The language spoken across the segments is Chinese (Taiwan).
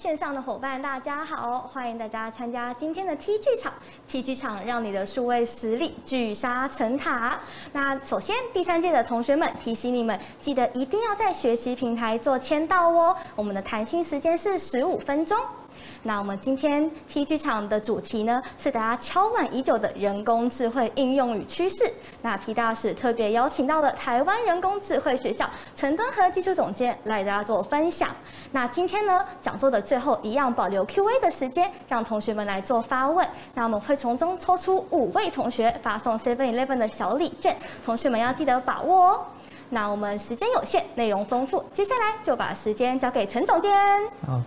線上的夥伴，大家好！歡迎大家參加今天的 T 聚場。T 聚場讓你的數位實力聚沙成塔。那首先，第三屆的同學們，提醒你們記得一定要在學習平台做簽到哦。我們的彈性時間是十五分鐘。那我們今天 T 聚場的主題呢，是大家翹盼已久的人工智慧應用與趨勢。那 T 大使特別邀請到了台灣人工智慧學校陳敦和技術總監來給大家做分享。那今天呢，講座的最後一樣保留 Q&A 的時間，讓同學們來做發問。那我們會從中抽出五位同學，發送 Seven Eleven 的小禮券。同學們要記得把握哦。那我們時間有限，內容豐富，接下來就把時間交給陳總監。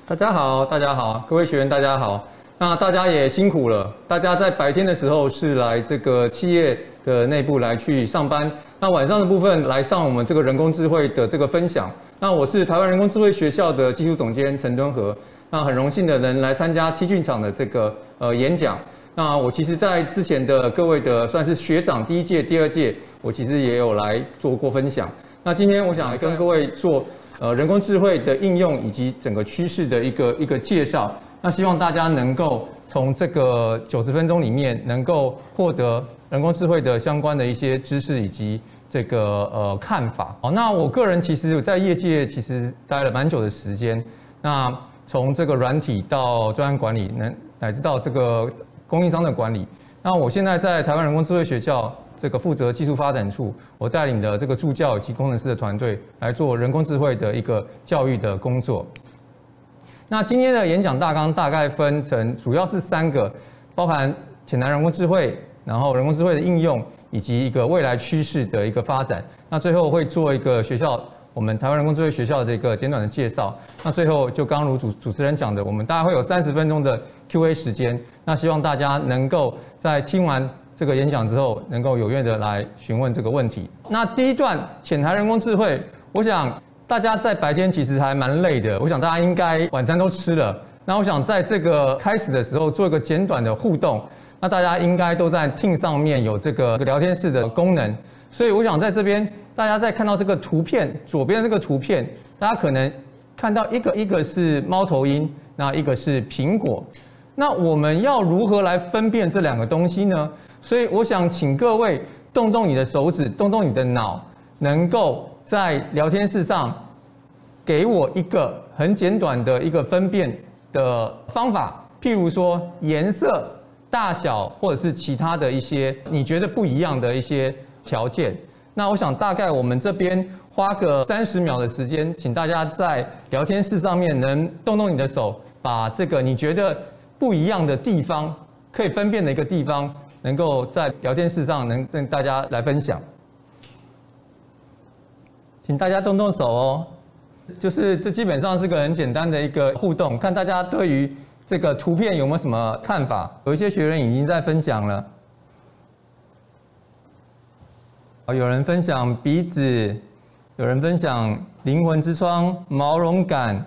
大家好，大家好，各位學員大家好。那大家也辛苦了，大家在白天的時候是來這個企業的內部來去上班，那晚上的部分來上我們這個人工智慧的這個分享。那我是台灣人工智慧學校的技術總監陳敦和，那很榮幸的能來參加 T 聚場的這個呃演講。那我其實在之前的各位的算是學長，第一屆、第二屆。我其實也有來做過分享。那今天我想跟各位做呃人工智慧的應用以及整個趨勢的一個一個介紹。那希望大家能夠從這個九十分鐘裡面能夠獲得人工智慧的相關的一些知識以及這個呃看法。哦，那我個人其實在業界其實待了蠻久的時間。那從這個軟體到專案管理，能乃至到這個供應商的管理。那我現在在台灣人工智慧學校，這個負責技術發展處，我帶領的這個助教以及工程師的團隊來做人工智慧的一個教育的工作。那今天的演講大綱大概分成主要是三個，包含淺談人工智慧，然後人工智慧的應用，以及一個未來趨勢的一個發展。那最後會做一個學校，我們台灣人工智慧學校的一個簡短的介紹。那最後就剛,剛如主主持人講的，我們大概會有三十分鐘的 Q&A 時間。那希望大家能夠在聽完。這個演講之後，能夠踴躍的來詢問這個問題。那第一段淺談人工智慧，我想大家在白天其實還蠻累的，我想大家應該晚餐都吃了。那我想在這個開始的時候做一個簡短的互動，那大家應該都在 Teams 上面有這個聊天室的功能，所以我想在這邊大家在看到這個圖片左邊這個圖片，大家可能看到一個一個是貓頭鷹，那一個是蘋果，那我們要如何來分辨這兩個東西呢？所以我想請各位動動你的手指，動動你的腦，能夠在聊天室上給我一個很簡短的一個分辨的方法。譬如說顏色、大小，或者是其他的一些你覺得不一樣的一些條件。那我想大概我們這邊花個三十秒的時間，請大家在聊天室上面能動動你的手，把這個你覺得不一樣的地方，可以分辨的一個地方。能夠在聊天室上能跟大家來分享，請大家動動手哦，就是這基本上是個很簡單的一個互動，看大家對於這個圖片有沒有什麼看法。有一些學員已經在分享了，啊，有人分享鼻子，有人分享靈魂之窗、毛絨感，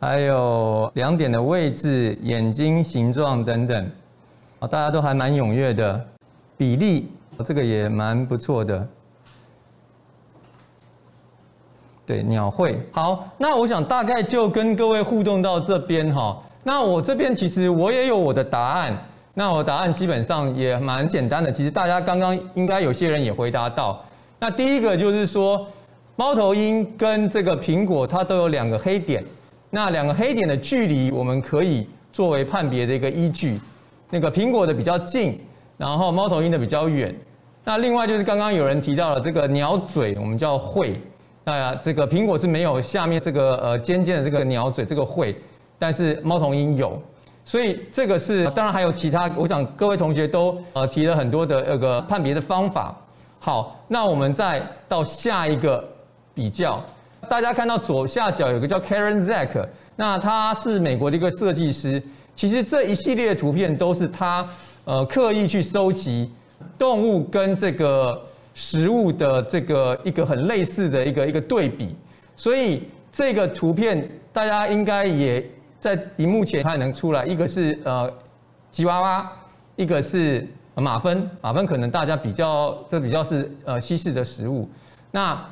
還有兩點的位置、眼睛形狀等等。啊，大家都還蠻踴躍的，比例這個也蠻不錯的。對，鳥喙好。那我想大概就跟各位互動到這邊哈。那我這邊其實我也有我的答案。那我答案基本上也蠻簡單的。其實大家剛剛應該有些人也回答到。那第一個就是說，貓頭鷹跟這個蘋果它都有兩個黑點，那兩個黑點的距離我們可以作為判別的一個依據。那個蘋果的比較近，然後貓頭鷹的比較遠。那另外就是剛剛有人提到了這個鳥嘴，我們叫喙。那這個蘋果是沒有下面這個呃尖尖的這個鳥嘴、這個喙，但是貓頭鷹有。所以這個是當然還有其他，我想各位同學都呃提了很多的那個判別的方法。好，那我們再到下一個比較。大家看到左下角有個叫 Karen Zack，那他是美國的一個設計師。其實這一系列的圖片都是他，呃，刻意去收集動物跟這個食物的這個一個很類似的一個一個對比，所以這個圖片大家應該也在熒幕前看能出來，一個是呃吉娃娃，一個是馬芬，馬芬可能大家比較這比較是呃西式的食物，那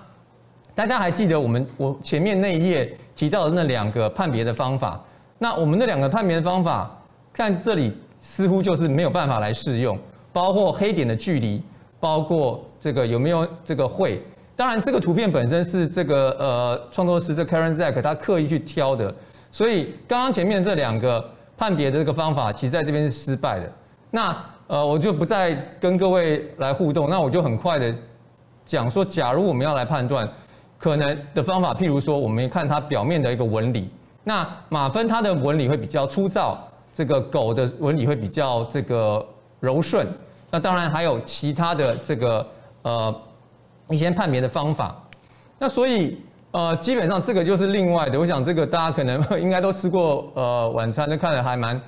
大家還記得我們我前面那一頁提到的那兩個判別的方法？那我們的兩個判別的方法，看這裡似乎就是沒有辦法來適用，包括黑點的距離，包括這個有沒有這個會，當然，這個圖片本身是這個呃創作師這 Karen Zack 他刻意去挑的，所以剛剛前面這兩個判別的這個方法，其實在這邊是失敗的。那呃我就不再跟各位來互動，那我就很快的講說，假如我們要來判斷可能的方法，譬如說我們看它表面的一個紋理。那馬芬它的紋理會比較粗糙，這個狗的紋理會比較這個柔順。那當然還有其他的這個呃一些判別的方法。那所以呃基本上這個就是另外的。我想這個大家可能應該都吃過呃晚餐，都看得還蠻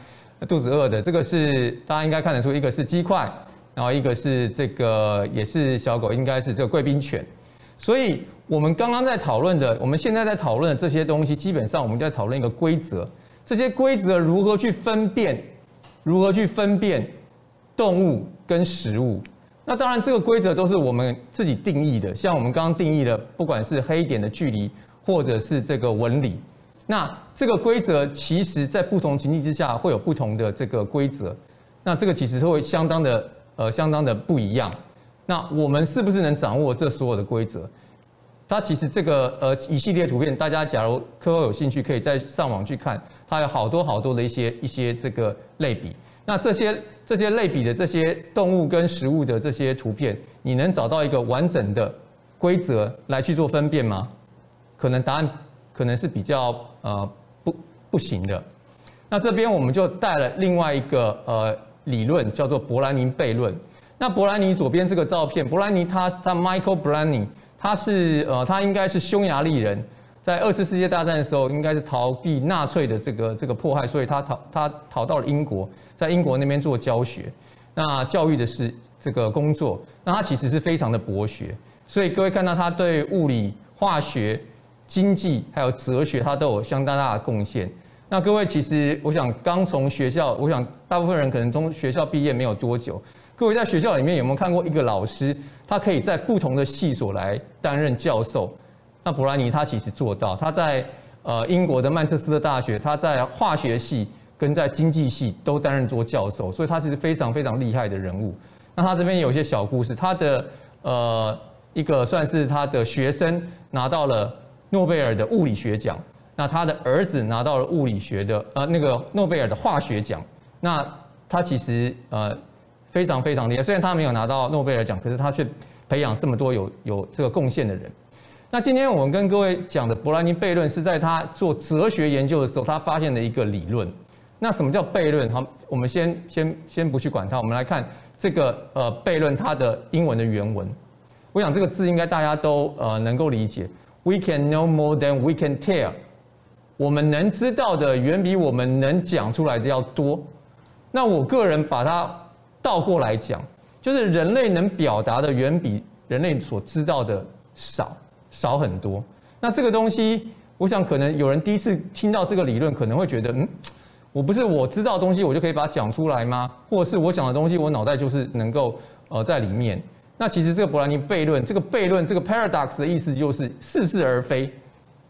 肚子餓的。這個是大家應該看得出，一個是雞塊，然後一個是這個也是小狗，應該是這個貴賓犬。所以。我們剛剛在討論的，我們現在在討論的這些東西，基本上我們就在討論一個規則。這些規則如何去分辨，如何去分辨動物跟食物？那當然，這個規則都是我們自己定義的。像我們剛剛定義的，不管是黑點的距離，或者是這個紋理，那這個規則其實在不同情境之下會有不同的這個規則。那這個其實會相當的呃，相當的不一樣。那我們是不是能掌握這所有的規則？它其實這個呃一系列圖片，大家假如課後有興趣，可以再上網去看。它有好多好多的一些一些這個類比。那這些這些類比的這些動物跟食物的這些圖片，你能找到一個完整的規則來去做分辨嗎？可能答案可能是比較呃不不行的。那這邊我們就帶了另外一個呃理論，叫做博蘭尼悖論。那博蘭尼左邊這個照片，博蘭尼他他 Michael Polanyi。他是呃，他應該是匈牙利人，在二次世界大戰的時候，應該是逃避納粹的這個這個迫害，所以他逃他逃到了英國，在英國那邊做教學，那教育的是這個工作，那他其實是非常的博學，所以各位看到他對物理、化學、經濟還有哲學，他都有相當大的貢獻。那各位其實我想剛從學校，我想大部分人可能從學校畢業沒有多久，各位在學校裡面有沒有看過一個老師？他可以在不同的系所來擔任教授。那博藍尼他其實做到，他在呃英國的曼徹斯特大學，他在化學系跟在經濟系都擔任做教授，所以他是非常非常厲害的人物。那他這邊有一些小故事，他的呃一個算是他的學生拿到了諾貝爾的物理學獎，那他的兒子拿到了物理學的呃那個諾貝爾的化學獎，那他其實呃。非常非常厲害，雖然他沒有拿到諾貝爾獎，可是他卻培養這麼多有有這個貢獻的人。那今天我們跟各位講的博藍尼悖論，是在他做哲學研究的時候，他發現的一個理論。那什麼叫悖論？好，我們先先先不去管它，我們來看這個呃悖論它的英文的原文。我想這個字應該大家都呃能夠理解。We can know more than we can tell。我們能知道的遠比我們能講出來的要多。那我個人把它倒過來講，就是人類能表達的遠比人類所知道的少少很多。那這個東西，我想可能有人第一次聽到這個理論，可能會覺得，嗯，我不是我知道的東西，我就可以把它講出來嗎？或者是我講的東西，我腦袋就是能夠呃在裡面。那其實這個博蘭尼悖論，這個悖論，這個 paradox 的意思就是似是而非，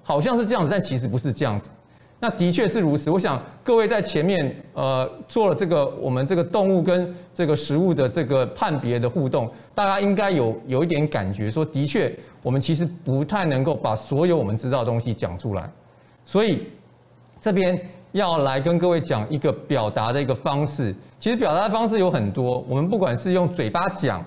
好像是這樣子，但其實不是這樣子。那的確是如此。我想各位在前面呃做了這個我們這個動物跟這個食物的這個判別的互動，大家應該有有一點感覺，說的確我們其實不太能夠把所有我們知道的東西講出來。所以這邊要來跟各位講一個表達的一個方式。其實表達的方式有很多，我們不管是用嘴巴講，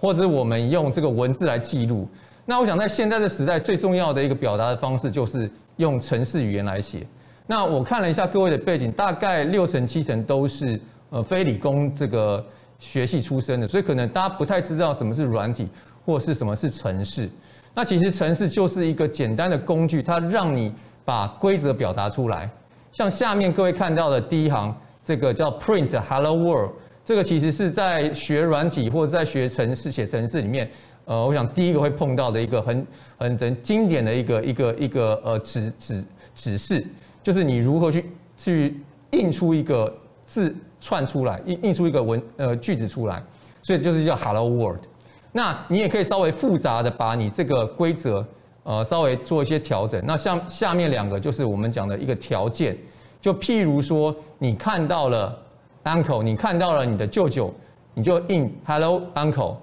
或者我們用這個文字來記錄。那我想在現在的時代，最重要的一個表達的方式就是用程式語言來寫。那我看了一下各位的背景，大概六成七成都是呃非理工這個學系出身的，所以可能大家不太知道什麼是軟體或者是什麼是程式。那其實程式就是一個簡單的工具，它讓你把規則表達出來。像下面各位看到的第一行，這個叫 print hello world，這個其實是在學軟體或者在學程式寫程式裡面，呃，我想第一個會碰到的一個很很很經典的一個一個一個呃指指指示。就是你如何去去印出一個字串出來，印印出一個文呃句子出來，所以就是叫 Hello World。那你也可以稍微複雜的把你這個規則呃稍微做一些調整。那像下面兩個就是我們講的一個條件，就譬如說你看到了 Uncle，你看到了你的舅舅，你就印 Hello Uncle。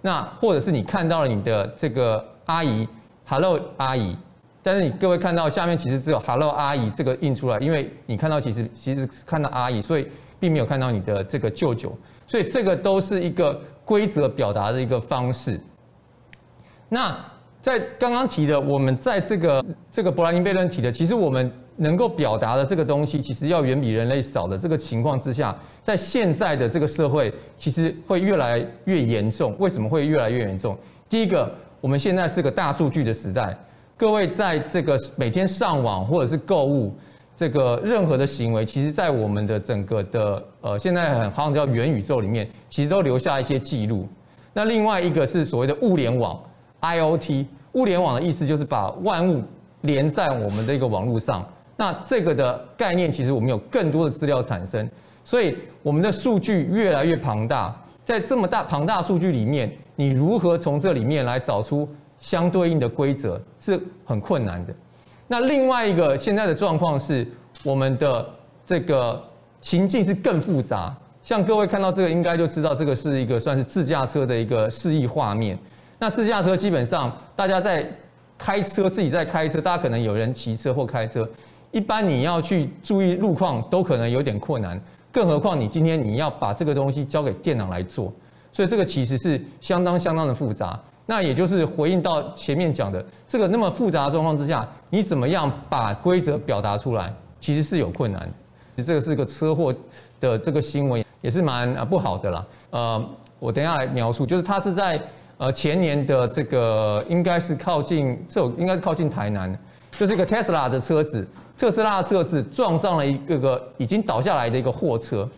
那或者是你看到了你的這個阿姨，Hello 阿姨。但是，你各位看到下面，其實只有 “hello” 阿姨這個印出來，因為你看到其實其實是看到阿姨，所以並沒有看到你的這個舅舅，所以這個都是一個規則表達的一個方式。那在剛剛提的，我們在這個這個博藍尼悖論提的，其實我們能夠表達的這個東西，其實要遠比人類少的這個情況之下，在現在的這個社會，其實會越來越嚴重。為什麼會越來越嚴重？第一個，我們現在是個大數據的時代。各位在這個每天上網或者是購物，這個任何的行為，其實，在我們的整個的呃，現在很好像叫元宇宙裡面，其實都留下一些記錄。那另外一個是所謂的物聯網 （IOT），物聯網的意思就是把萬物連在我們的一個網絡上。那這個的概念，其實我們有更多的資料產生，所以我們的數據越來越龐大。在這麼大龐大的數據裡面，你如何從這裡面來找出？相對應的規則是很困難的。那另外一個現在的狀況是，我們的這個情境是更複雜。像各位看到這個，應該就知道這個是一個算是自駕車的一個示意畫面。那自駕車基本上大家在開車，自己在開車，大家可能有人騎車或開車，一般你要去注意路況都可能有點困難，更何況你今天你要把這個東西交給電腦來做，所以這個其實是相當相當的複雜。那也就是回應到前面講的這個那麼複雜的狀況之下，你怎麼樣把規則表達出來，其實是有困難的。這個是個車禍的這個新聞，也是蠻啊不好的啦。呃，我等一下來描述，就是他是在呃前年的這個應該是靠近這應該是靠近台南，就這個特斯拉的車子，特斯拉的車子撞上了一個個已經倒下來的一個貨車。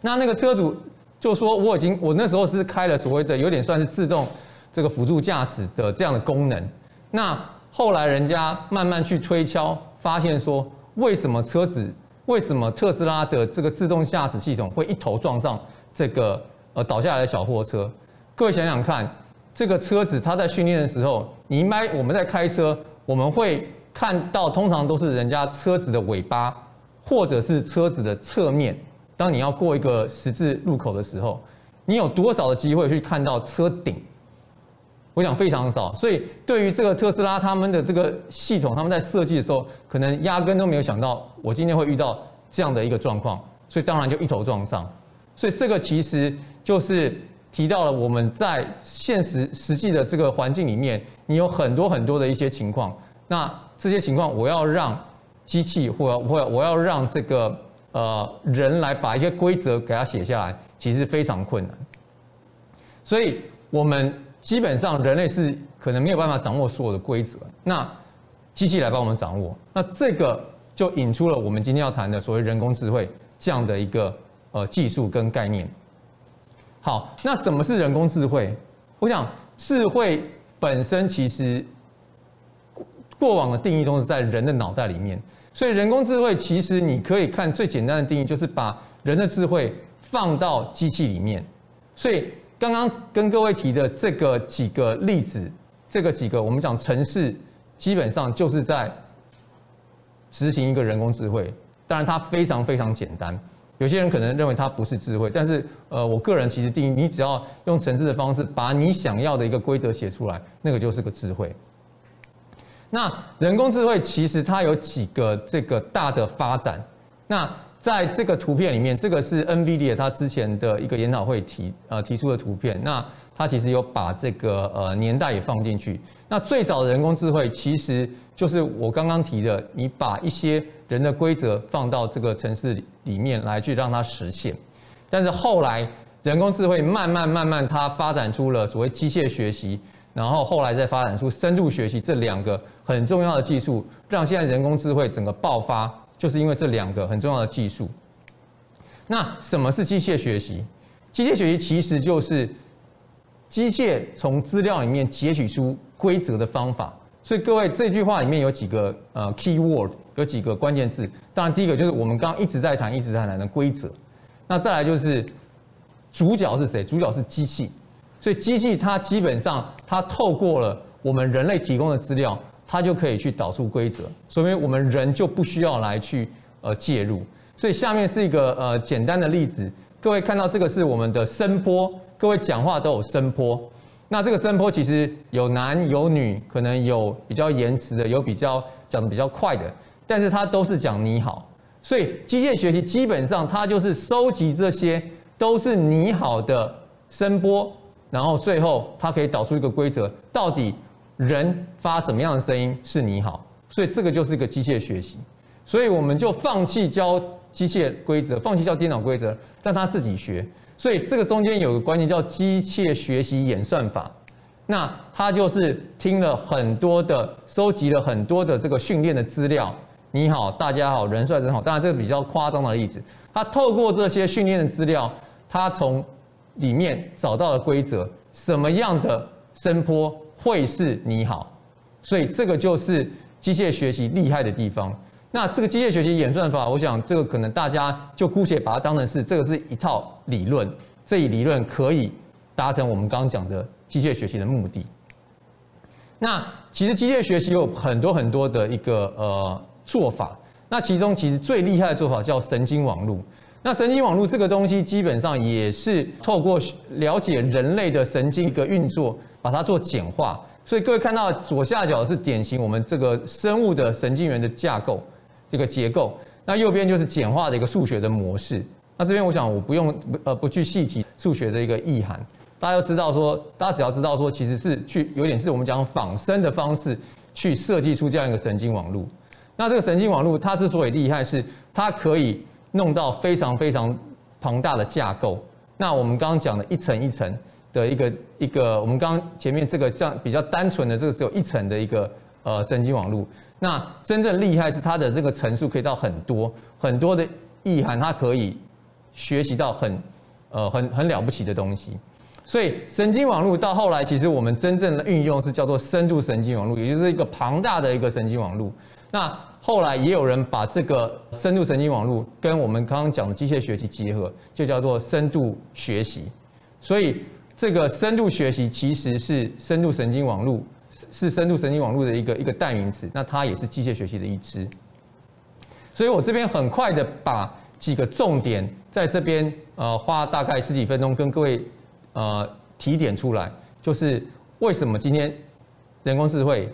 那那個車主就說，我已經我那時候是開了所謂的有點算是自動。這個輔助駕駛的這樣的功能，那後來人家慢慢去推敲，發現說為什麼車子為什麼特斯拉的這個自動駕駛系統會一頭撞上這個呃倒下來的小貨車？各位想想看，這個車子它在訓練的時候，你一般我們在開車，我們會看到通常都是人家車子的尾巴或者是車子的側面。當你要過一個十字路口的時候，你有多少的機會去看到車頂？我想非常少，所以對於這個特斯拉他們的這個系統，他們在設計的時候，可能壓根都沒有想到我今天會遇到這樣的一個狀況，所以當然就一頭撞上。所以這個其實就是提到了我們在現實實際的這個環境裡面，你有很多很多的一些情況，那這些情況我要讓機器或或我要讓這個呃人來把一些規則給它寫下來，其實非常困難。所以我們。基本上，人類是可能沒有辦法掌握所有的規則，那機器來幫我們掌握，那這個就引出了我們今天要談的所謂人工智慧這樣的一個呃技術跟概念。好，那什麼是人工智慧？我想智慧本身其實過往的定義都是在人的腦袋裡面，所以人工智慧其實你可以看最簡單的定義就是把人的智慧放到機器裡面，所以。剛剛跟各位提的這個幾個例子，這個幾個我們講程式，基本上就是在實行一個人工智慧。當然它非常非常簡單，有些人可能認為它不是智慧，但是呃，我個人其實定義，你只要用程式的方式把你想要的一個規則寫出來，那個就是個智慧。那人工智慧其實它有幾個這個大的發展，那在這個圖片裡面，這個是 NVIDIA 它之前的一個研討會提呃提出的圖片。那它其實有把這個呃年代也放進去。那最早的人工智慧其實就是我剛剛提的，你把一些人的規則放到這個程式裡面來去讓它實現。但是後來人工智慧慢慢慢慢它發展出了所謂機械學習，然後後來再發展出深度學習這兩個很重要的技術，讓現在人工智慧整個爆發。就是因為這兩個很重要的技術。那什麼是機器學習？機器學習其實就是機器從資料裡面擷取出規則的方法。所以各位，這句話裡面有幾個呃 key word，有幾個關鍵字。當然第一個就是我們剛剛一直在談、一直在談的規則。那再來就是主角是誰？主角是機器。所以機器它基本上它透過了我們人類提供的資料。它就可以去導出規則，所以我們人就不需要來去呃介入。所以下面是一個呃簡單的例子，各位看到這個是我們的聲波，各位講話都有聲波。那這個聲波其實有男有女，可能有比較延遲的，有比較講得比較快的，但是它都是講你好。所以機械學習基本上它就是收集這些都是你好的聲波，然後最後它可以導出一個規則，到底。人發怎麼樣的聲音是你好，所以這個就是一個機器學習，所以我們就放棄教機械規則，放棄教電腦規則，讓他自己學。所以這個中間有個關鍵叫機器學習演算法，那他就是聽了很多的，收集了很多的這個訓練的資料，你好，大家好，人帥真好。當然這個比較誇張的例子，他透過這些訓練的資料，他從裡面找到了規則，什麼樣的聲波。會是你好，所以這個就是機械學習厲害的地方。那這個機械學習演算法，我想這個可能大家就姑且把它當成是這個是一套理論，這一理論可以達成我們剛剛講的機械學習的目的。那其實機械學習有很多很多的一個呃做法，那其中其實最厲害的做法叫神經網絡。那神經網絡這個東西基本上也是透過了解人類的神經一個運作。把它做簡化，所以各位看到左下角是典型我們這個生物的神經元的架構，這個結構。那右邊就是簡化的一個數學的模式。那這邊我想我不用呃不去細提數學的一個意涵，大家要知道說，大家只要知道說，其實是去有點是我們講仿生的方式去設計出這樣一個神經網絡。那這個神經網絡它之所以厲害是它可以弄到非常非常龐大的架構。那我們剛剛講的一層一層，的一個一個，我們剛剛前面這個像比較單純的，這個只有一層的一個呃神經網絡。那真正厲害是它的這個層數可以到很多很多的意涵，它可以學習到很呃很很了不起的東西。所以神經網絡到後來，其實我們真正的運用是叫做深度神經網絡，也就是一個龐大的一個神經網絡。那後來也有人把這個深度神經網絡跟我們剛剛講的機械學習結合，就叫做深度學習。所以這個深度學習其實是深度神經網絡，是深度神經網絡的一個一個代名詞。那它也是機械學習的一支。所以我這邊很快的把幾個重點在這邊呃花大概十幾分鐘跟各位呃提點出來，就是為什麼今天人工智慧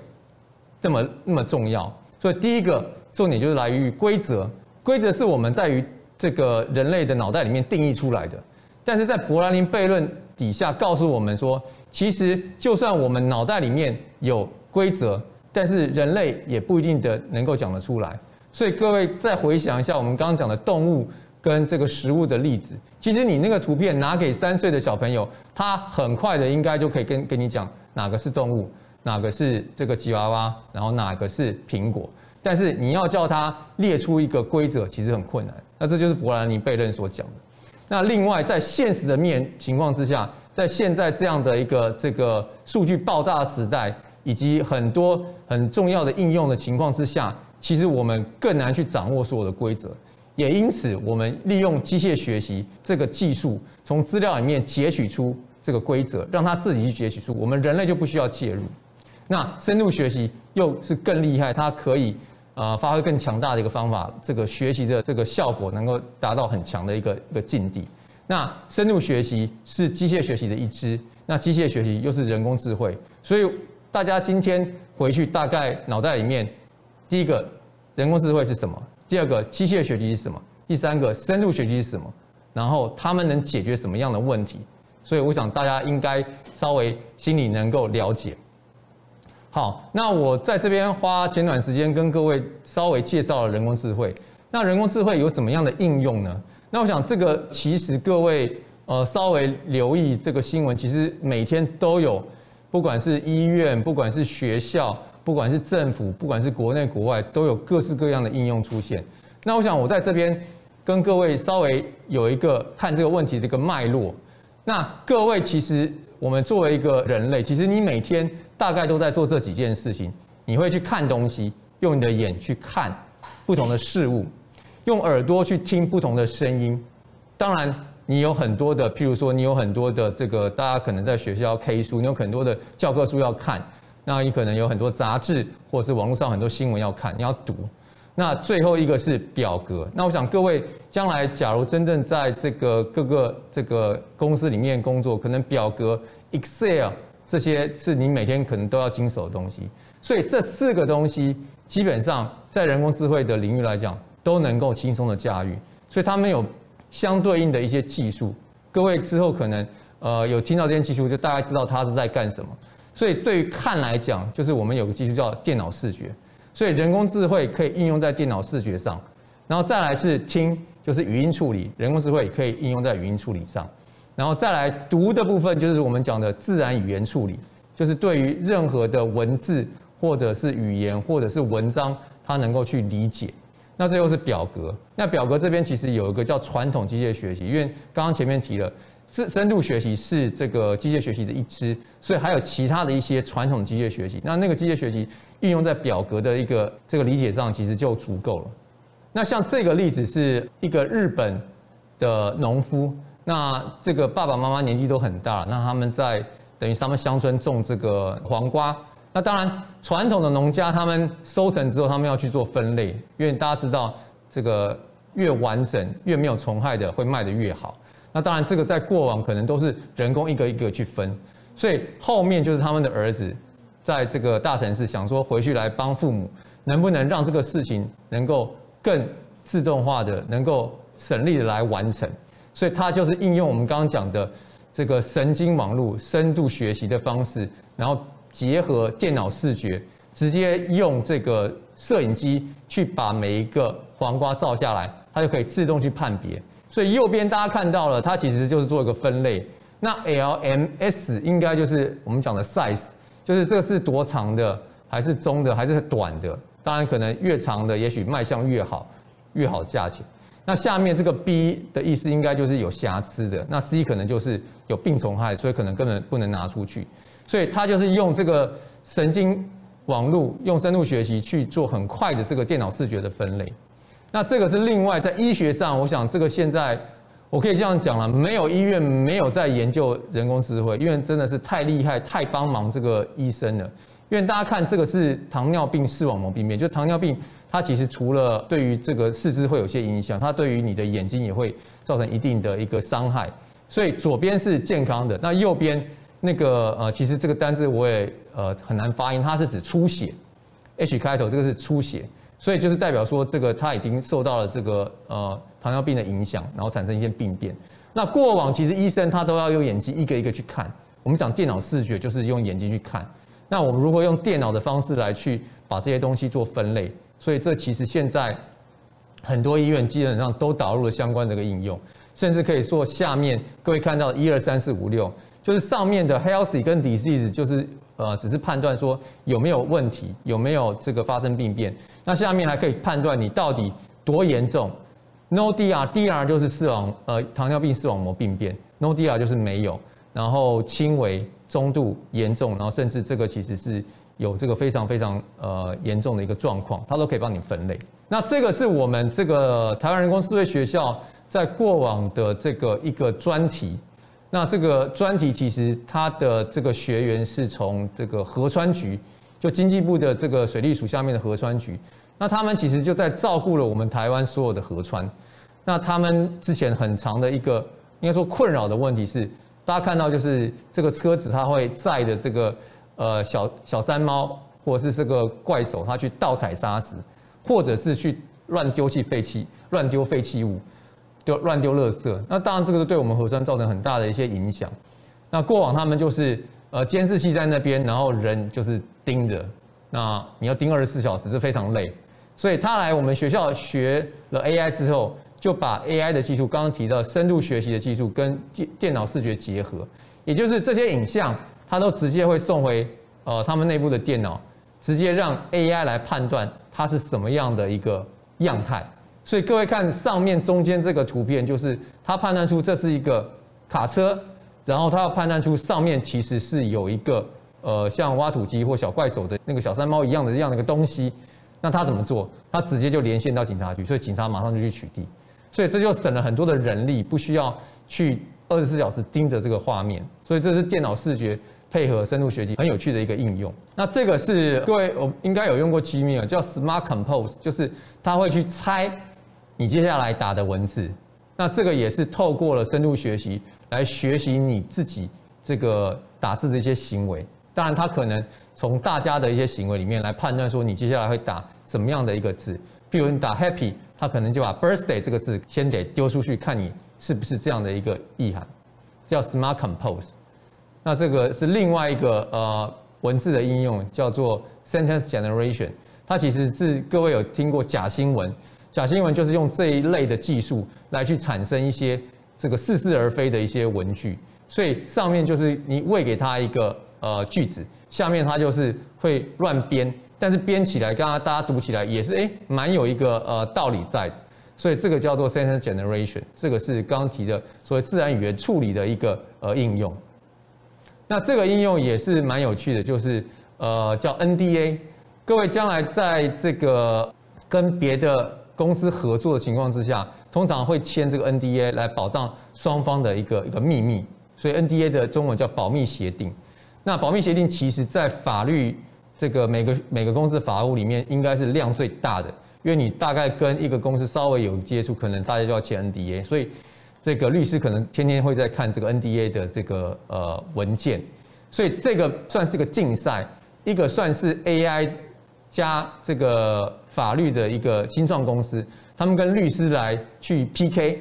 這麼那麼重要。所以第一個重點就是來源於規則，規則是我們在於這個人類的腦袋裡面定義出來的，但是在博蘭尼悖論。底下告訴我們說，其實就算我們腦袋裡面有規則，但是人類也不一定的能夠講得出來。所以各位再回想一下我們剛剛講的動物跟這個食物的例子，其實你那個圖片拿給三歲的小朋友，他很快的應該就可以跟跟你講哪個是動物，哪個是這個吉娃娃，然後哪個是蘋果。但是你要叫他列出一個規則，其實很困難。那這就是博蘭尼悖論所講的。那另外，在現實的面情況之下，在現在這樣的一個這個數據爆炸的時代，以及很多很重要的應用的情況之下，其實我們更難去掌握所有的規則，也因此我們利用機械學習這個技術，從資料裡面截取出這個規則，讓它自己去截取出，我們人類就不需要介入。那深度學習又是更厲害，它可以。呃，發揮更強大的一個方法，這個學習的這個效果能夠達到很強的一個一個境地。那深度學習是機械學習的一支，那機械學習又是人工智慧。所以大家今天回去大概腦袋裡面，第一個人工智慧是什麼？第二個機械學習是什麼？第三個深度學習是什麼？然後他們能解決什麼樣的問題？所以我想大家應該稍微心裡能夠了解。好，那我在這邊花簡短時間跟各位稍微介紹了人工智慧。那人工智慧有什麼樣的應用呢？那我想這個其實各位呃稍微留意這個新聞，其實每天都有，不管是醫院，不管是學校，不管是政府，不管是國內國外，都有各式各樣的應用出現。那我想我在這邊跟各位稍微有一個看這個問題的一個脈絡。那各位其實我們作為一個人類，其實你每天。大概都在做這幾件事情，你會去看東西，用你的眼去看不同的事物，用耳朵去聽不同的聲音。當然，你有很多的，譬如說，你有很多的這個，大家可能在學校要 K 書，你有很多的教科書要看，那你可能有很多雜誌，或者是網絡上很多新聞要看，你要讀。那最後一個是表格。那我想各位將來假如真正在這個各個這個公司裡面工作，可能表格 Excel。這些是你每天可能都要經手的東西，所以這四個東西基本上在人工智慧的領域來講都能夠輕鬆的駕馭，所以他們有相對應的一些技術，各位之後可能呃有聽到這些技術就大概知道它是在幹什麼。所以對於看來講，就是我們有個技術叫電腦視覺，所以人工智慧可以應用在電腦視覺上，然後再來是聽，就是語音處理，人工智慧可以應用在語音處理上。然後再來讀的部分，就是我們講的自然語言處理，就是對於任何的文字或者是語言或者是文章，它能夠去理解。那最後是表格，那表格這邊其實有一個叫傳統機器學習，因為剛剛前面提了，深深度學習是這個機器學習的一支，所以還有其他的一些傳統機器學習。那那個機器學習運用在表格的一個這個理解上，其實就足夠了。那像這個例子是一個日本的農夫。那這個爸爸媽媽年紀都很大，那他們在等於他們鄉村種這個黃瓜。那當然，傳統的農家他們收成之後，他們要去做分類，因為大家知道這個越完整、越沒有蟲害的會賣得越好。那當然，這個在過往可能都是人工一個一個去分，所以後面就是他們的兒子在這個大城市想說回去來幫父母，能不能讓這個事情能夠更自動化的、能夠省力的來完成。所以它就是應用我們剛剛講的這個神經網絡深度學習的方式，然後結合電腦視覺，直接用這個攝影機去把每一個黃瓜照下來，它就可以自動去判別。所以右邊大家看到了，它其實就是做一個分類。那 LMS 應該就是我們講的 size，就是這個是多長的，還是中的，還是短的，當然可能越長的也許賣相越好，越好價錢。那下面這個 B 的意思應該就是有瑕疵的，那 C 可能就是有病蟲害，所以可能根本不能拿出去。所以它就是用這個神經網絡，用深度學習去做很快的這個電腦視覺的分類。那這個是另外在醫學上，我想這個現在我可以這樣講了，沒有醫院沒有在研究人工智慧，因為真的是太厲害，太幫忙這個醫生了。因為大家看這個是糖尿病視網膜病變，就糖尿病。它其實除了對於這個四肢會有些影響，它對於你的眼睛也會造成一定的一個傷害。所以左邊是健康的，那右邊那個呃，其實這個單字我也呃很難發音，它是指出血，H 開頭這個是出血，所以就是代表說這個它已經受到了這個呃糖尿病的影響，然後產生一些病變。那過往其實醫生他都要用眼睛一個一個去看，我們講電腦視覺就是用眼睛去看。那我們如何用電腦的方式來去把這些東西做分類？所以這其實現在，很多醫院基本上都導入了相關這個應用，甚至可以做下面各位看到一二三四五六，就是上面的 healthy 跟 disease 就是呃只是判斷說有沒有問題，有沒有這個發生病變。那下面還可以判斷你到底多嚴重。No DR, DR 就是視網呃糖尿病視網膜病變，No DR 就是沒有，然後輕微、中度、嚴重，然後甚至這個其實是。有這個非常非常呃嚴重的一個狀況，它都可以幫你分類。那這個是我們這個台灣人工智慧學校在過往的這個一個專題。那這個專題其實它的這個學員是從這個河川局，就經濟部的這個水利署下面的河川局，那他們其實就在照顧了我們台灣所有的河川。那他們之前很長的一個應該說困擾的問題是，大家看到就是這個車子它會載的這個。呃，小小山貓或者是這個怪手，它去盜採砂石，或者是去亂丟棄廢棄亂丟廢棄物，丟亂丟垃圾。那當然，這個是對我們河川造成很大的一些影響。那過往他們就是呃監視器在那邊，然後人就是盯着。那你要盯二十四小時是非常累。所以他來我們學校學了 AI 之後，就把 AI 的技術，剛剛提到深度學習的技術跟電電腦視覺結合，也就是這些影像。它都直接會送回，呃，他們內部的電腦，直接讓 AI 來判斷它是什麼樣的一個樣態。所以各位看上面中間這個圖片，就是它判斷出這是一個卡車，然後它要判斷出上面其實是有一個，呃，像挖土機或小怪手的那個小山貓一樣的這樣的一個東西。那他怎麼做？他直接就連線到警察局，所以警察馬上就去取締。所以這就省了很多的人力，不需要去二十四小時盯着這個畫面。所以這是電腦視覺。配合深度學習，很有趣的一個應用。那這個是各位，我應該有用過 Gmail 叫 Smart Compose，就是它會去猜你接下來打的文字。那這個也是透過了深度學習來學習你自己這個打字的一些行為。當然，它可能從大家的一些行為裡面來判斷說你接下來會打什麼樣的一個字。譬如你打 Happy，它可能就把 Birthday 這個字先得丟出去，看你是不是這樣的一個意涵。叫 Smart Compose。那這個是另外一個呃文字的應用，叫做 sentence generation。它其實是各位有聽過假新聞，假新聞就是用這一類的技術來去產生一些這個似是而非的一些文句。所以上面就是你餵給它一個呃句子，下面它就是會亂編，但是編起來剛剛大家讀起來也是哎、欸、蠻有一個呃道理在的。所以這個叫做 sentence generation，這個是剛剛提的所謂自然語言處理的一個呃應用。那這個應用也是蠻有趣的，就是呃叫 NDA。各位將來在這個跟別的公司合作的情況之下，通常會簽這個 NDA 來保障雙方的一個一個祕密。所以 NDA 的中文叫保密協定。那保密協定其實在法律這個每個每個公司法務裡面應該是量最大的，因為你大概跟一個公司稍微有接觸，可能大家就要簽 NDA。所以這個律師可能天天會在看這個 NDA 的這個呃文件，所以這個算是個競賽，一個算是 AI 加這個法律的一個新創公司，他們跟律師來去 PK，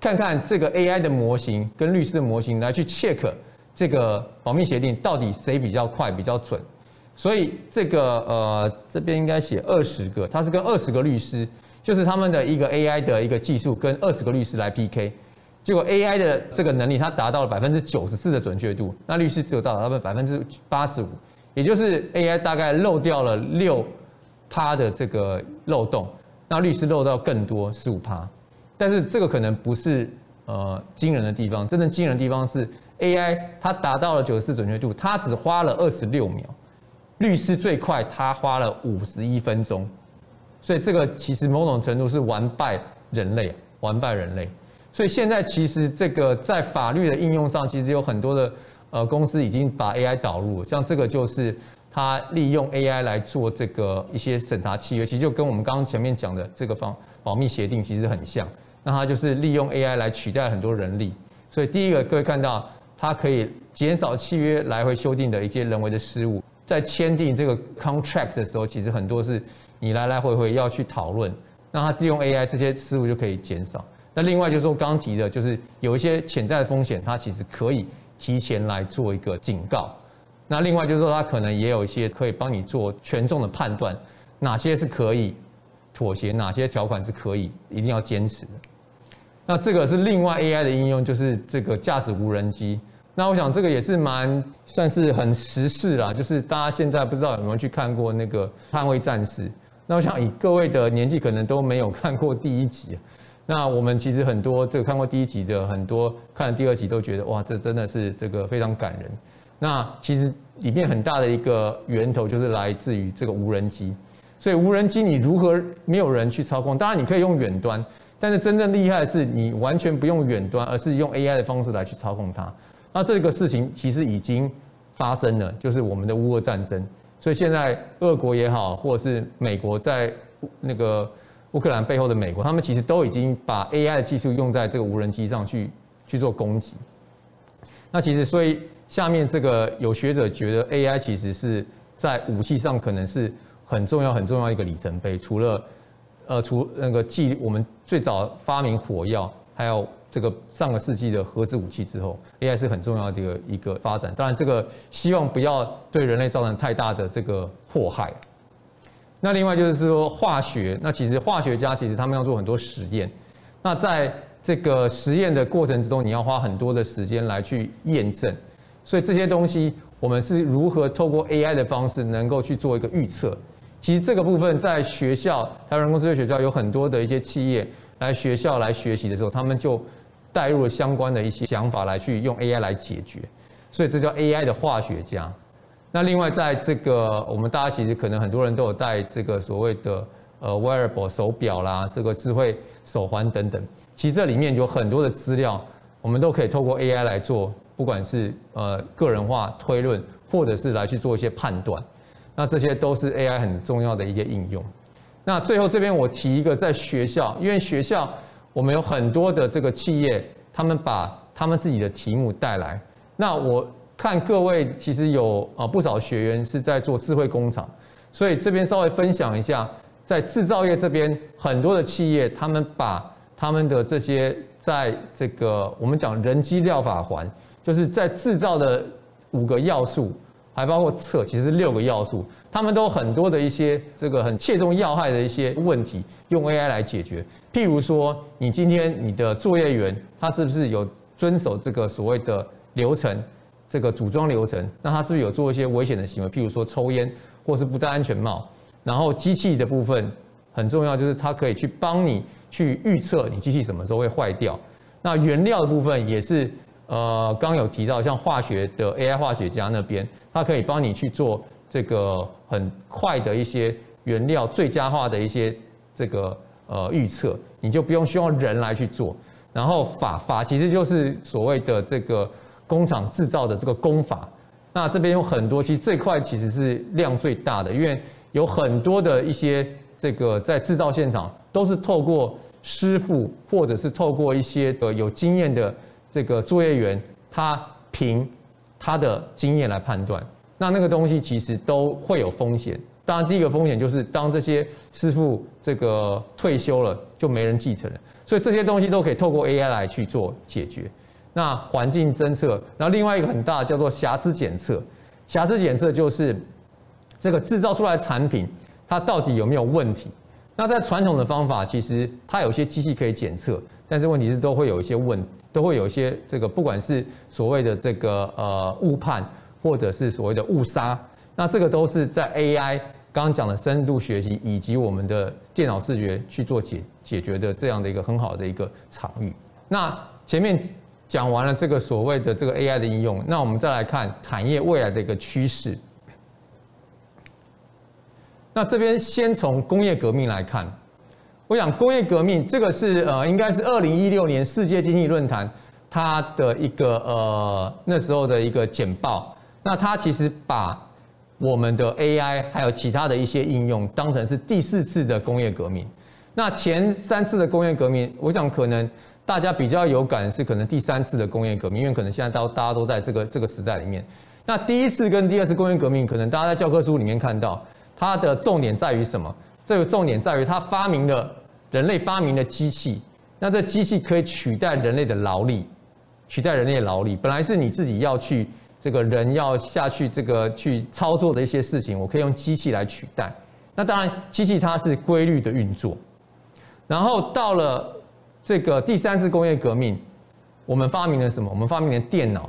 看看這個 AI 的模型跟律師的模型來去 check 這個保密協定到底誰比較快比較準，所以這個呃這邊應該寫二十個，他是跟二十個律師，就是他們的一個 AI 的一個技術跟二十個律師來 PK。結果 AI 的這個能力，它達到了百分之九十四的準確度，那律師只有達到百分之八十五，也就是 AI 大概漏掉了六趴的這個漏洞，那律師漏到更多十五趴。但是這個可能不是呃驚人的地方，真正驚人的地方是 AI 它達到了九十四準確度，它只花了二十六秒，律師最快他花了五十一分鐘，所以這個其實某種程度是完敗人類，完敗人類。所以現在其實這個在法律的應用上，其實有很多的呃公司已經把 AI 導入了，像這個就是它利用 AI 來做這個一些審查契約，其實就跟我們剛剛前面講的這個方保密協定其實很像。那它就是利用 AI 來取代很多人力。所以第一個，各位看到它可以減少契約來回修訂的一些人為的失誤。在簽訂這個 contract 的時候，其實很多是你來來回回要去討論，那它利用 AI 這些失誤就可以減少。那另外就是說，剛提的，就是有一些潛在的風險，它其實可以提前來做一個警告。那另外就是說，它可能也有一些可以幫你做權重的判斷，哪些是可以妥協，哪些條款是可以一定要堅持的。那這個是另外 AI 的應用，就是這個駕駛無人機。那我想這個也是蠻算是很時事啦，就是大家現在不知道有沒有去看過那個捍衛戰士。那我想以各位的年紀，可能都沒有看過第一集。那我們其實很多這個看過第一集的很多看了第二集都覺得哇，這真的是這個非常感人。那其實裡面很大的一個源頭就是來自於這個無人機。所以無人機你如何沒有人去操控？當然你可以用遠端，但是真正厲害的是你完全不用遠端，而是用 AI 的方式來去操控它。那這個事情其實已經發生了，就是我們的烏俄戰爭。所以現在俄國也好，或者是美國在那個。烏克蘭背後的美國，他們其實都已經把 AI 的技術用在這個無人機上去去做攻擊。那其實，所以下面這個有學者覺得 AI 其實是在武器上可能是很重要、很重要一個里程碑。除了呃，除那個技，我們最早發明火藥，還有這個上個世紀的核子武器之後，AI 是很重要的一個一個發展。當然，這個希望不要對人類造成太大的這個禍害。那另外就是說化學，那其實化學家其實他們要做很多實驗，那在這個實驗的過程之中，你要花很多的時間來去驗證，所以這些東西我們是如何透過 AI 的方式能夠去做一個預測？其實這個部分在學校，台灣人工智慧學校有很多的一些企業來學校來學習的時候，他們就帶入了相關的一些想法來去用 AI 來解決，所以這叫 AI 的化學家。那另外，在這個我們大家其實可能很多人都有戴這個所謂的呃 wearable 手表啦，這個智慧手環等等，其實這裡面有很多的資料，我們都可以透過 AI 來做，不管是呃個人化推論，或者是來去做一些判斷，那這些都是 AI 很重要的一些應用。那最後這邊我提一個，在學校，因為學校我們有很多的這個企業，他們把他們自己的題目帶來，那我看各位，其實有啊不少學員是在做智慧工廠，所以這邊稍微分享一下，在制造業這邊很多的企業，他們把他們的這些在這個我們講人機料法環，就是在制造的五個要素，還包括測，其實六個要素，他們都很多的一些這個很切中要害的一些問題，用 AI 來解決。譬如說，你今天你的作業員他是不是有遵守這個所謂的流程？這個組裝流程，那它是不是有做一些危險的行為，譬如說抽煙或是不戴安全帽？然後機器的部分很重要，就是它可以去幫你去預測你機器什麼時候會壞掉。那原料的部分也是，呃，剛有提到像化學的 AI 化學家那邊，它可以幫你去做這個很快的一些原料最佳化的一些這個呃預測，你就不用需要人來去做。然後法法其實就是所謂的這個。工廠製造的這個工法，那這邊有很多，其實這塊其實是量最大的，因為有很多的一些這個在製造現場都是透過師傅或者是透過一些的有經驗的這個作業員，他憑他的經驗來判斷，那那個東西其實都會有風險。當然，第一個風險就是當這些師傅這個退休了，就沒人繼承了，所以這些東西都可以透過 AI 來去做解決。那環境偵測，然後另外一個很大叫做瑕疵檢測。瑕疵檢測就是這個制造出來的產品它到底有沒有問題？那在傳統的方法，其實它有些機器可以檢測，但是問題是都會有一些問，都會有一些這個不管是所謂的這個呃誤判，或者是所謂的誤殺，那這個都是在 AI 剛剛講的深度學習以及我們的電腦視覺去做解解決的這樣的一個很好的一個場域。那前面。講完了這個所謂的這個 AI 的應用，那我們再來看產業未來的一個趨勢。那這邊先從工業革命來看，我想工業革命這個是呃，應該是二零一六年世界經濟論壇它的一個呃，那時候的一個簡報。那它其實把我們的 AI 還有其他的一些應用當成是第四次的工業革命。那前三次的工業革命，我想可能。大家比較有感的是可能第三次的工業革命，因為可能現在大大家都在這個這個時代裡面。那第一次跟第二次工業革命，可能大家在教科書裡面看到它的重點在於什麼？這個重點在於它發明了人類發明了機器，那這機器可以取代人類的勞力，取代人類的勞力。本來是你自己要去這個人要下去這個去操作的一些事情，我可以用機器來取代。那當然，機器它是規律的運作，然後到了。這個第三次工業革命，我們發明了什麼？我們發明了電腦。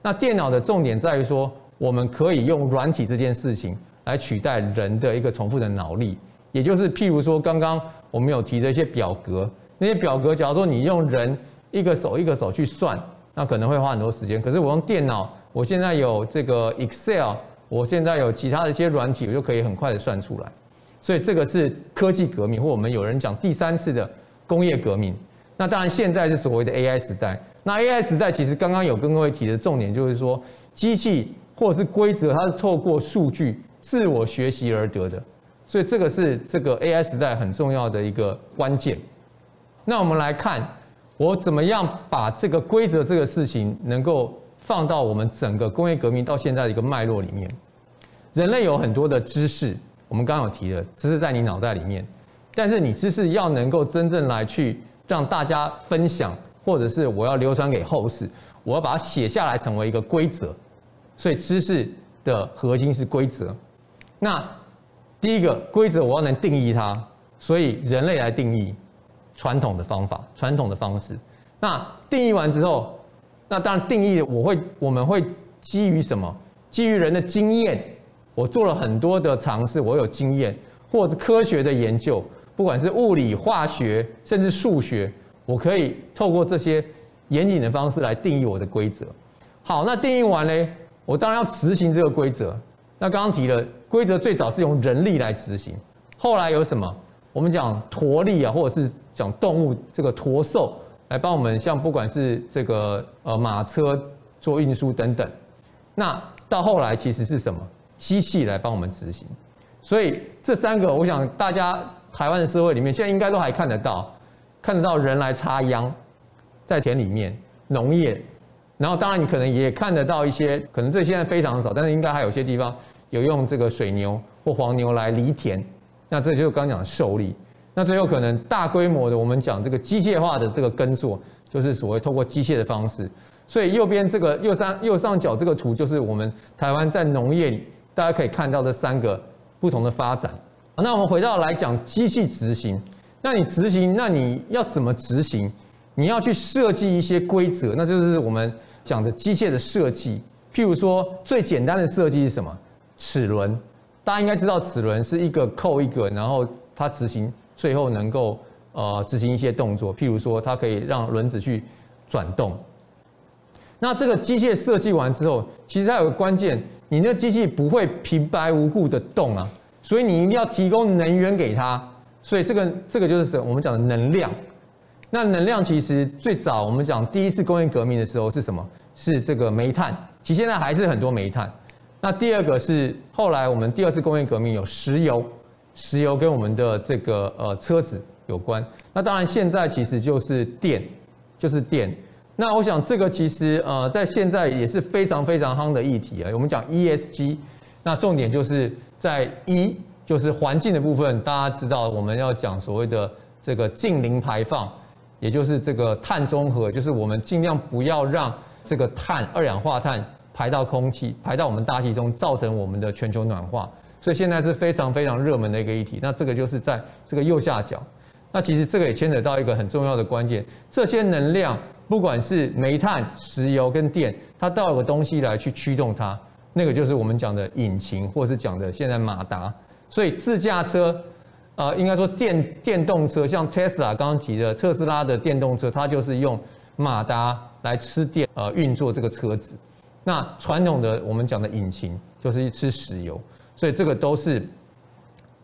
那電腦的重點在於說，我們可以用軟體這件事情來取代人的一個重複的腦力，也就是譬如說，剛剛我們有提的一些表格，那些表格，假如說你用人一個手一個手去算，那可能會花很多時間。可是我用電腦，我現在有這個 Excel，我現在有其他的一些軟體，我就可以很快的算出來。所以這個是科技革命，或我們有人講第三次的工業革命。那當然，現在是所謂的 AI 時代。那 AI 時代其實剛剛有跟各位提的重點，就是說機器或者是規則，它是透過數據自我學習而得的。所以這個是這個 AI 時代很重要的一個關鍵。那我們來看，我怎麼樣把這個規則這個事情能夠放到我們整個工業革命到現在的一個脈絡裡面。人類有很多的知識，我們剛剛有提的知識在你腦袋裡面，但是你知識要能夠真正來去。讓大家分享，或者是我要流傳給後世，我要把它寫下來，成為一個規則。所以知識的核心是規則。那第一個規則，我要能定義它，所以人類來定義，傳統的方法，傳統的方式。那定義完之後，那當然定義我會，我們會基於什麼？基於人的經驗，我做了很多的嘗試，我有經驗，或者是科學的研究。不管是物理、化學，甚至數學，我可以透過這些嚴謹的方式來定義我的規則。好，那定義完嘞，我當然要執行這個規則。那剛剛提了，規則最早是用人力來執行，後來有什麼？我們講馱力啊，或者是講動物這個馱獸來幫我們，像不管是這個呃馬車做運輸等等。那到後來其實是什麼？機器來幫我們執行。所以這三個，我想大家。台灣的社會裡面，現在應該都還看得到，看得到人來插秧在田裡面農業，然後當然你可能也看得到一些，可能這現在非常的少，但是應該還有些地方有用這個水牛或黃牛來犁田，那這就是剛講的獸力。那最後可能大規模的，我們講這個機械化的這個耕作，就是所謂透過機械的方式。所以右邊這個右上右上角這個圖，就是我們台灣在農業裡大家可以看到這三個不同的發展。那我們回到來講機器執行。那你執行，那你要怎麼執行？你要去設計一些規則，那就是我們講的機械的設計。譬如說，最簡單的設計是什麼？齒輪。大家應該知道，齒輪是一個扣一個，然後它執行，最後能夠呃執行一些動作。譬如說，它可以讓輪子去轉動。那這個機械設計完之後，其實它有個關鍵，你那機器不會平白無故的動啊。所以你一定要提供能源給他，所以這個這個就是我們講的能量。那能量其實最早我們講第一次工業革命的時候是什麼？是這個煤炭，其實現在還是很多煤炭。那第二個是後來我們第二次工業革命有石油，石油跟我們的這個呃車子有關。那當然現在其實就是電，就是電。那我想這個其實呃在現在也是非常非常夯的議題啊。我們講 ESG，那重點就是。在一，就是環境的部分，大家知道我們要講所謂的這個淨零排放，也就是這個碳中和，就是我們盡量不要讓這個碳二氧化碳排到空氣，排到我們大氣中，造成我們的全球暖化。所以現在是非常非常熱門的一個議題。那這個就是在這個右下角。那其實這個也牽扯到一個很重要的關鍵，這些能量不管是煤炭、石油跟電，它都有個東西來去驅動它。那個就是我們講的引擎，或是講的現在馬達，所以自駕車，啊、呃，應該說電電動車，像特斯拉剛剛提的特斯拉的電動車，它就是用馬達來吃電，呃，運作這個車子。那傳統的我們講的引擎就是吃石油，所以這個都是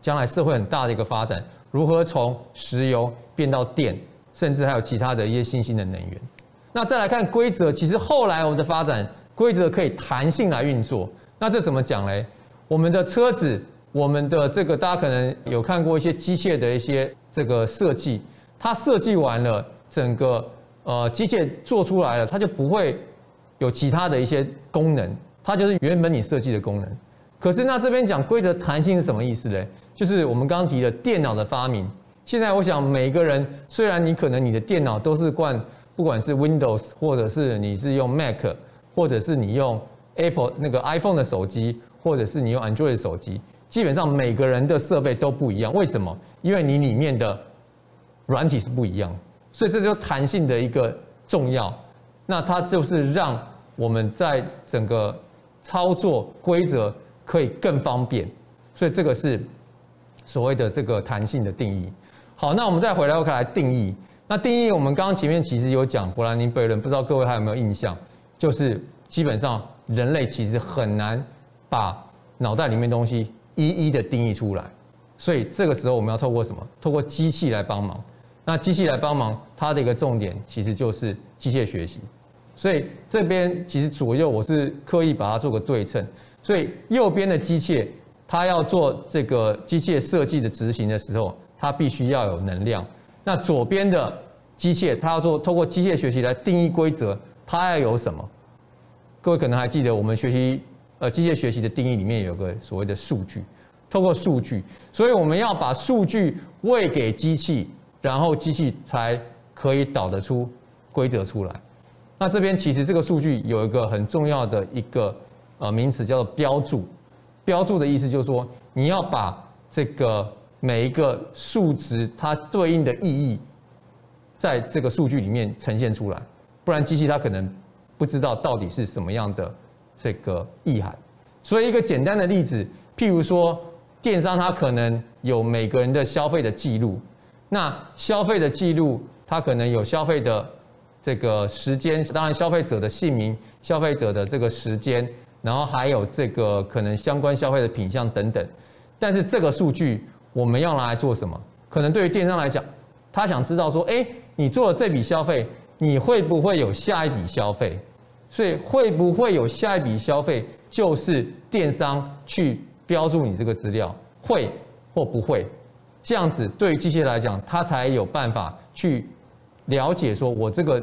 將來社會很大的一個發展，如何從石油變到電，甚至還有其他的一些新興的能源。那再來看規則，其實後來我們的發展。規則可以彈性來運作，那這怎麼講嘞？我們的車子，我們的這個，大家可能有看過一些機械的一些這個設計，它設計完了，整個呃機械做出來了，它就不會有其他的一些功能，它就是原本你設計的功能。可是那這邊講規則彈性是什麼意思嘞？就是我們剛剛提的電腦的發明，現在我想每個人，雖然你可能你的電腦都是灌，不管是 Windows 或者是你是用 Mac。或者是你用 Apple 那個 iPhone 的手機，或者是你用 Android 的手機，基本上每個人的設備都不一樣。為什麼？因為你裡面的軟體是不一樣的，所以這就是彈性的一個重要。那它就是讓我們在整個操作規則可以更方便，所以這個是所謂的這個彈性的定義。好，那我們再回來，我來定義。那定義我們剛剛前面其實有講博藍尼悖論，不知道各位還有沒有印象？就是基本上人類其實很難把腦袋裡面東西一一的定義出來，所以這個時候我們要透過什麼？透過機器來幫忙。那機器來幫忙，它的一個重點其實就是機械學習。所以這邊其實左右我是刻意把它做個對稱。所以右邊的機械它要做這個機械設計的執行的時候，它必須要有能量。那左邊的機械它要做透過機械學習來定義規則。它要有什麼？各位可能還記得，我們學習呃機械學習的定義裡面有個所謂的數據，透過數據，所以我們要把數據餵給機器，然後機器才可以導得出規則出來。那這邊其實這個數據有一個很重要的一個呃名詞叫做標註，標註的意思就是說，你要把這個每一個數值它對應的意義，在這個數據裡面呈現出來。不然機器它可能不知道到底是什麼樣的這個意涵，所以一個簡單的例子，譬如說電商它可能有每個人的消費的記錄，那消費的記錄它可能有消費的這個時間，當然消費者的姓名、消費者的這個時間，然後還有這個可能相關消費的品項等等，但是這個數據我們要拿來做什麼？可能對於電商來講，他想知道說，誒，你做了這筆消費。你會不會有下一筆消費？所以會不會有下一筆消費，就是電商去標註你這個資料會或不會，這樣子對於機械來講，它才有辦法去了解，說我這個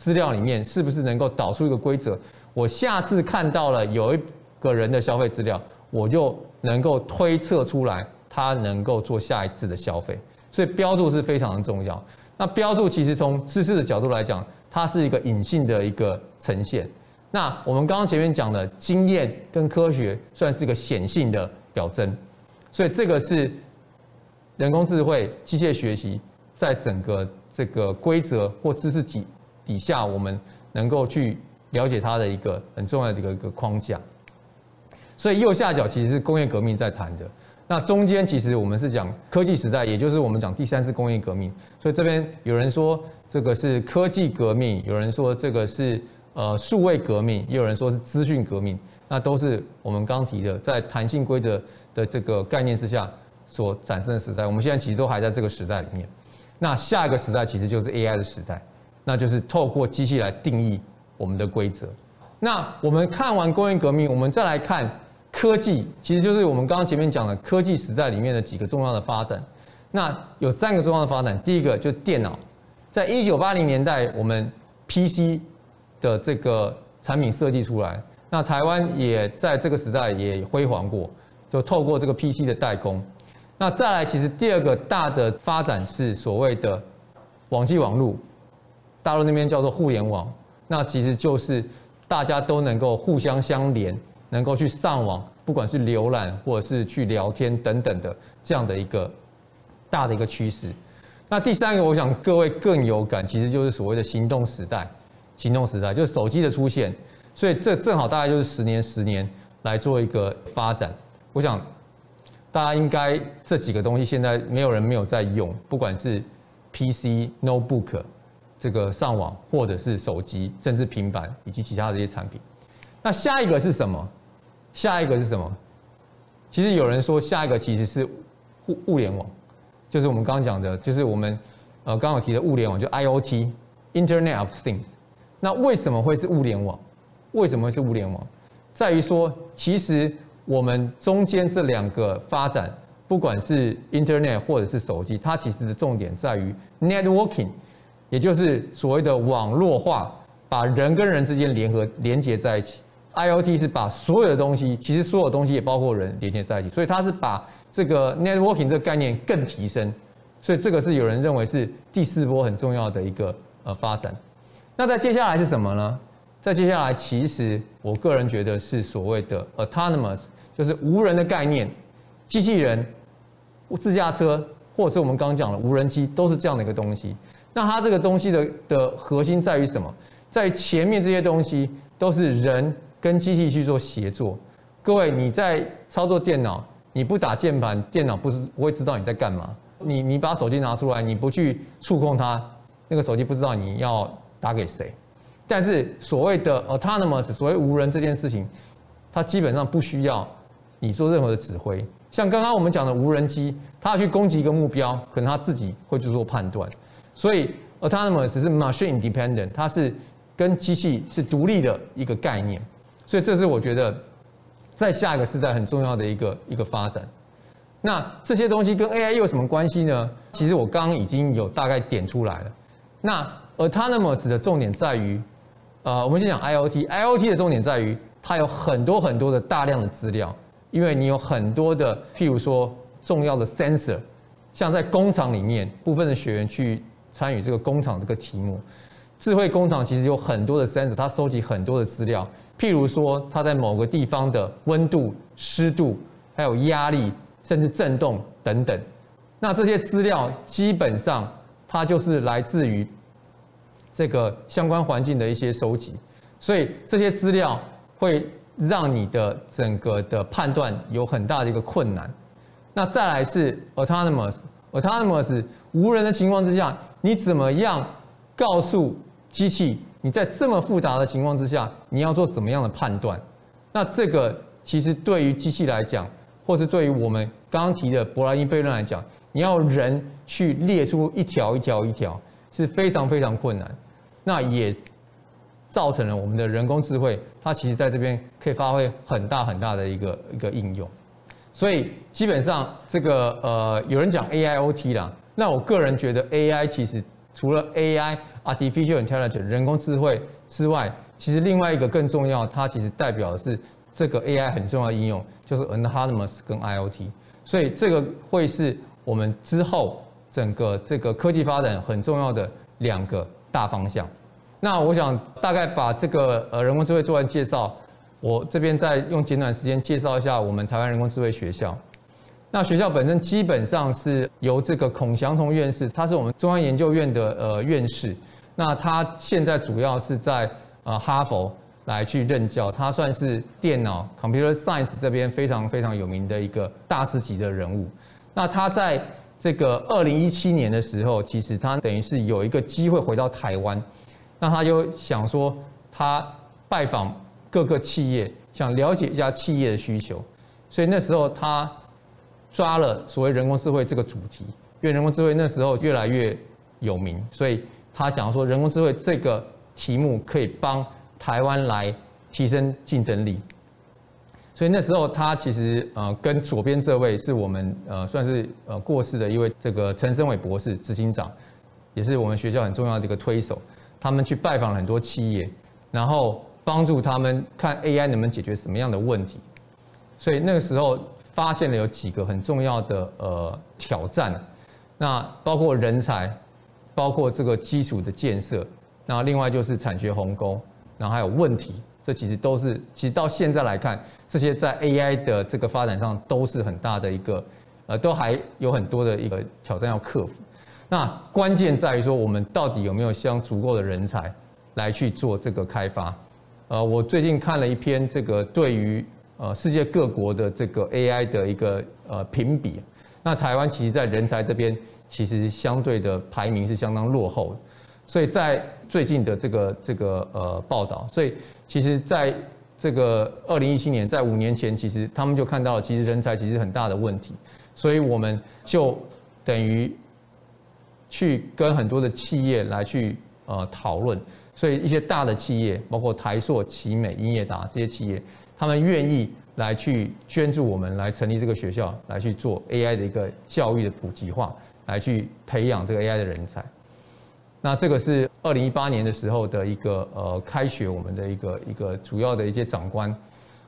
資料裡面是不是能夠導出一個規則，我下次看到了有一個人的消費資料，我就能夠推測出來他能夠做下一次的消費，所以標註是非常的重要。那標注其實從知識的角度來講，它是一個隱性的一個呈現。那我們剛剛前面講的經驗跟科學算是一個顯性的表徵，所以這個是人工智慧、機械學習在整個這個規則或知識底底下，我們能夠去了解它的一個很重要的一個一個框架。所以右下角其實是工業革命在談的。那中間其實我們是講科技時代，也就是我們講第三次工業革命。所以這邊有人說這個是科技革命，有人說這個是呃數位革命，也有人說是資訊革命。那都是我們剛提的，在彈性規則的這個概念之下所產生的時代。我們現在其實都還在這個時代裡面。那下一個時代其實就是 AI 的時代，那就是透過機器來定義我們的規則。那我們看完工業革命，我們再來看。科技其實就是我們剛剛前面講的科技時代裡面的幾個重要的發展。那有三個重要的發展，第一個就是電腦，在一九八零年代，我們 PC 的這個產品設計出來，那台灣也在這個時代也輝煌過，就透過這個 PC 的代工。那再來，其實第二個大的發展是所謂的網際網路，大陸那邊叫做互聯網，那其實就是大家都能夠互相相連。能夠去上網，不管是瀏覽或者是去聊天等等的這樣的一個大的一個趨勢。那第三個，我想各位更有感，其實就是所謂的行動時代。行動時代就是手機的出現，所以這正好大概就是十年十年來做一個發展。我想大家應該這幾個東西現在沒有人沒有在用，不管是 PC、Notebook 這個上網，或者是手機，甚至平板以及其他的一些產品。那下一個是什麼？下一個是什麼？其實有人說下一個其實是物物聯網，就是我們剛剛講的，就是我們呃剛有提的物聯網，就是 IoT，Internet of Things。那為什麼會是物聯網？為什麼會是物聯網？在於說，其實我們中間這兩個發展，不管是 Internet 或者是手機，它其實的重點在於 networking，也就是所謂的網絡化，把人跟人之間聯合連接在一起。IoT 是把所有的東西，其實所有的東西也包括人連接在一起，所以它是把這個 networking 這個概念更提升，所以這個是有人認為是第四波很重要的一個呃發展。那在接下來是什麼呢？在接下來，其實我個人覺得是所謂的 autonomous，就是無人的概念，機器人、自駕車或者是我們剛剛講的無人機，都是這樣的一個東西。那它這個東西的的核心在於什麼？在前面這些東西都是人跟機器去做協作，各位，你在操作電腦，你不打鍵盤，電腦不知不會知道你在幹嘛。你你把手機拿出來，你不去觸控它，那個手機不知道你要打給誰。但是所謂的 autonomous，所謂無人這件事情，它基本上不需要你做任何的指揮。像剛剛我們講的無人機，它要去攻擊一個目標，可能它自己會去做判斷。所以 autonomous 是 machine independent，它是跟機器是獨立的一個概念。所以這是我覺得，在下一個時代很重要的一個一個發展。那這些東西跟 AI 有什麼關係呢？其實我剛剛已經有大概點出來了。那 Autonomous 的重點在於，呃，我們先講 IoT，IoT 的重點在於它有很多很多的大量的資料，因為你有很多的，譬如說重要的 sensor，像在工廠裡面，部分的學員去參與這個工廠這個題目，智慧工廠其實有很多的 sensor，它收集很多的資料。譬如說，它在某個地方的溫度、濕度，還有壓力，甚至震動等等，那這些資料基本上它就是來自於這個相關環境的一些收集，所以這些資料會讓你的整個的判斷有很大的一個困難。那再來是 autonomous autonomous 無人的情況之下，你怎麼樣告訴機器？你在這麼複雜的情況之下，你要做怎麼樣的判斷？那這個其實對於機器來講，或是對於我們剛剛提的博藍尼悖論來講，你要人去列出一條一條一條，一條是非常非常困難。那也造成了我們的人工智慧，它其實在這邊可以發揮很大很大的一個一個應用。所以基本上這個呃，有人講 AIOT 啦，那我個人覺得 AI 其實。除了 AI、Artificial Intelligence（ 人工智慧）之外，其實另外一個更重要，它其實代表的是這個 AI 很重要的應用，就是 Autonomous 跟 IOT。所以這個會是我們之後整個這個科技發展很重要的兩個大方向。那我想大概把這個呃人工智慧做完介紹，我這邊再用簡短，短時間介紹一下我們台灣人工智慧學校。那學校本身基本上是由這個孔祥松院士，他是我們中央研究院的呃院士。那他現在主要是在呃哈佛來去任教，他算是電腦 computer science 這邊非常非常有名的，一個大師級的人物。那他在這個二零一七年的時候，其實他等於是有一個機會回到台灣，那他就想說，他拜訪各個企業，想了解一下企業的需求，所以那時候他。抓了所謂人工智慧這個主題，因為人工智慧那時候越來越有名，所以他想要說人工智慧這個題目可以幫台灣來提升競爭力。所以那時候他其實呃跟左邊這位是我們呃算是呃過世的一位這個陳昇瑋博士執行長，也是我們學校很重要的一個推手，他們去拜訪了很多企業，然後幫助他們看 AI 能不能解決什麼樣的問題，所以那個時候。發現了有幾個很重要的呃挑戰啊，那包括人才，包括這個基礎的建設，那另外就是產學鴻溝，然後還有問題，這其實都是其實到現在來看，這些在 AI 的這個發展上都是很大的一個，呃，都還有很多的一個挑戰要克服。那關鍵在於說，我們到底有沒有像足夠的人才來去做這個開發？呃，我最近看了一篇這個對於。呃，世界各國的這個 AI 的一個呃評比，那台灣其實，在人才這邊其實相對的排名是相當落後的，所以在最近的這個這個呃報道，所以其實在這個二零一七年，在五年前，其實他們就看到其實人才其實很大的問題，所以我們就等於去跟很多的企業來去呃討論，所以一些大的企業，包括台塑、奇美、英業達這些企業。他們願意來去捐助，我們來成立這個學校，來去做 AI 的一個教育的普及化，來去培養這個 AI 的人才。那這個是二零一八年的時候的一個呃開學，我們的一個一個主要的一些長官，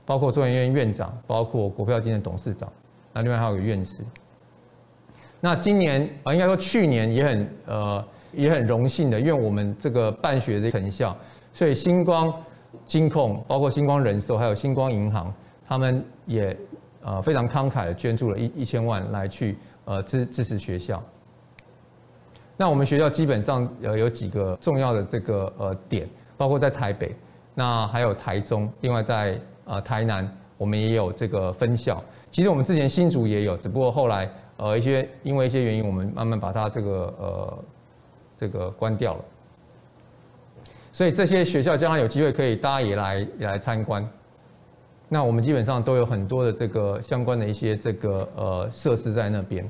包括中研院院長，包括國票金的董事長，那另外還有個院士。那今年啊、呃，應該說去年也很呃也很榮幸的，因為我們這個辦學的成效，所以星光。金控，包括新光人壽，還有新光銀行，他們也呃非常慷慨地捐助了一一千萬來去呃支支持學校。那我們學校基本上有有幾個重要的這個呃點，包括在台北，那還有台中，另外在呃台南我們也有這個分校。其實我們之前新竹也有，只不過後來呃一些因為一些原因，我們慢慢把它這個呃這個關掉了。所以這些學校將來有機會可以大家也來也來參觀，那我們基本上都有很多的這個相關的一些這個呃設施在那邊。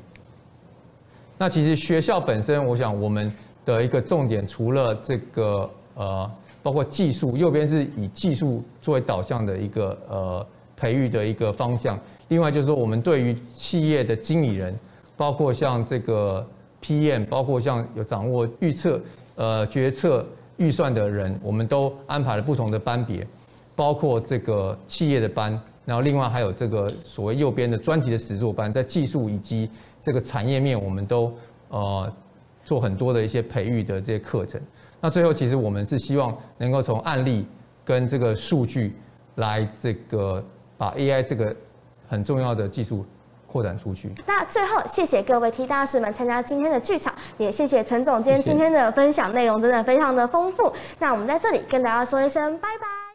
那其實學校本身，我想我們的一個重點，除了這個呃，包括技術，右邊是以技術作為導向的一個呃培育的一個方向，另外就是說，我們對於企業的經理人，包括像這個 PM，包括像有掌握預測呃決策。預算的人，我們都安排了不同的班別，包括這個企業的班，然後另外還有這個所謂右邊的專題的實作班，在技術以及這個產業面，我們都呃做很多的一些培育的這些課程。那最後，其實我們是希望能夠從案例跟這個數據來這個把 AI 這個很重要的技術。擴展出去。那最後，謝謝各位 T 大使們參加今天的聚場，也謝謝陳總監今天的分享內容真的非常的豐富。那我們在這裡跟大家說一聲拜拜。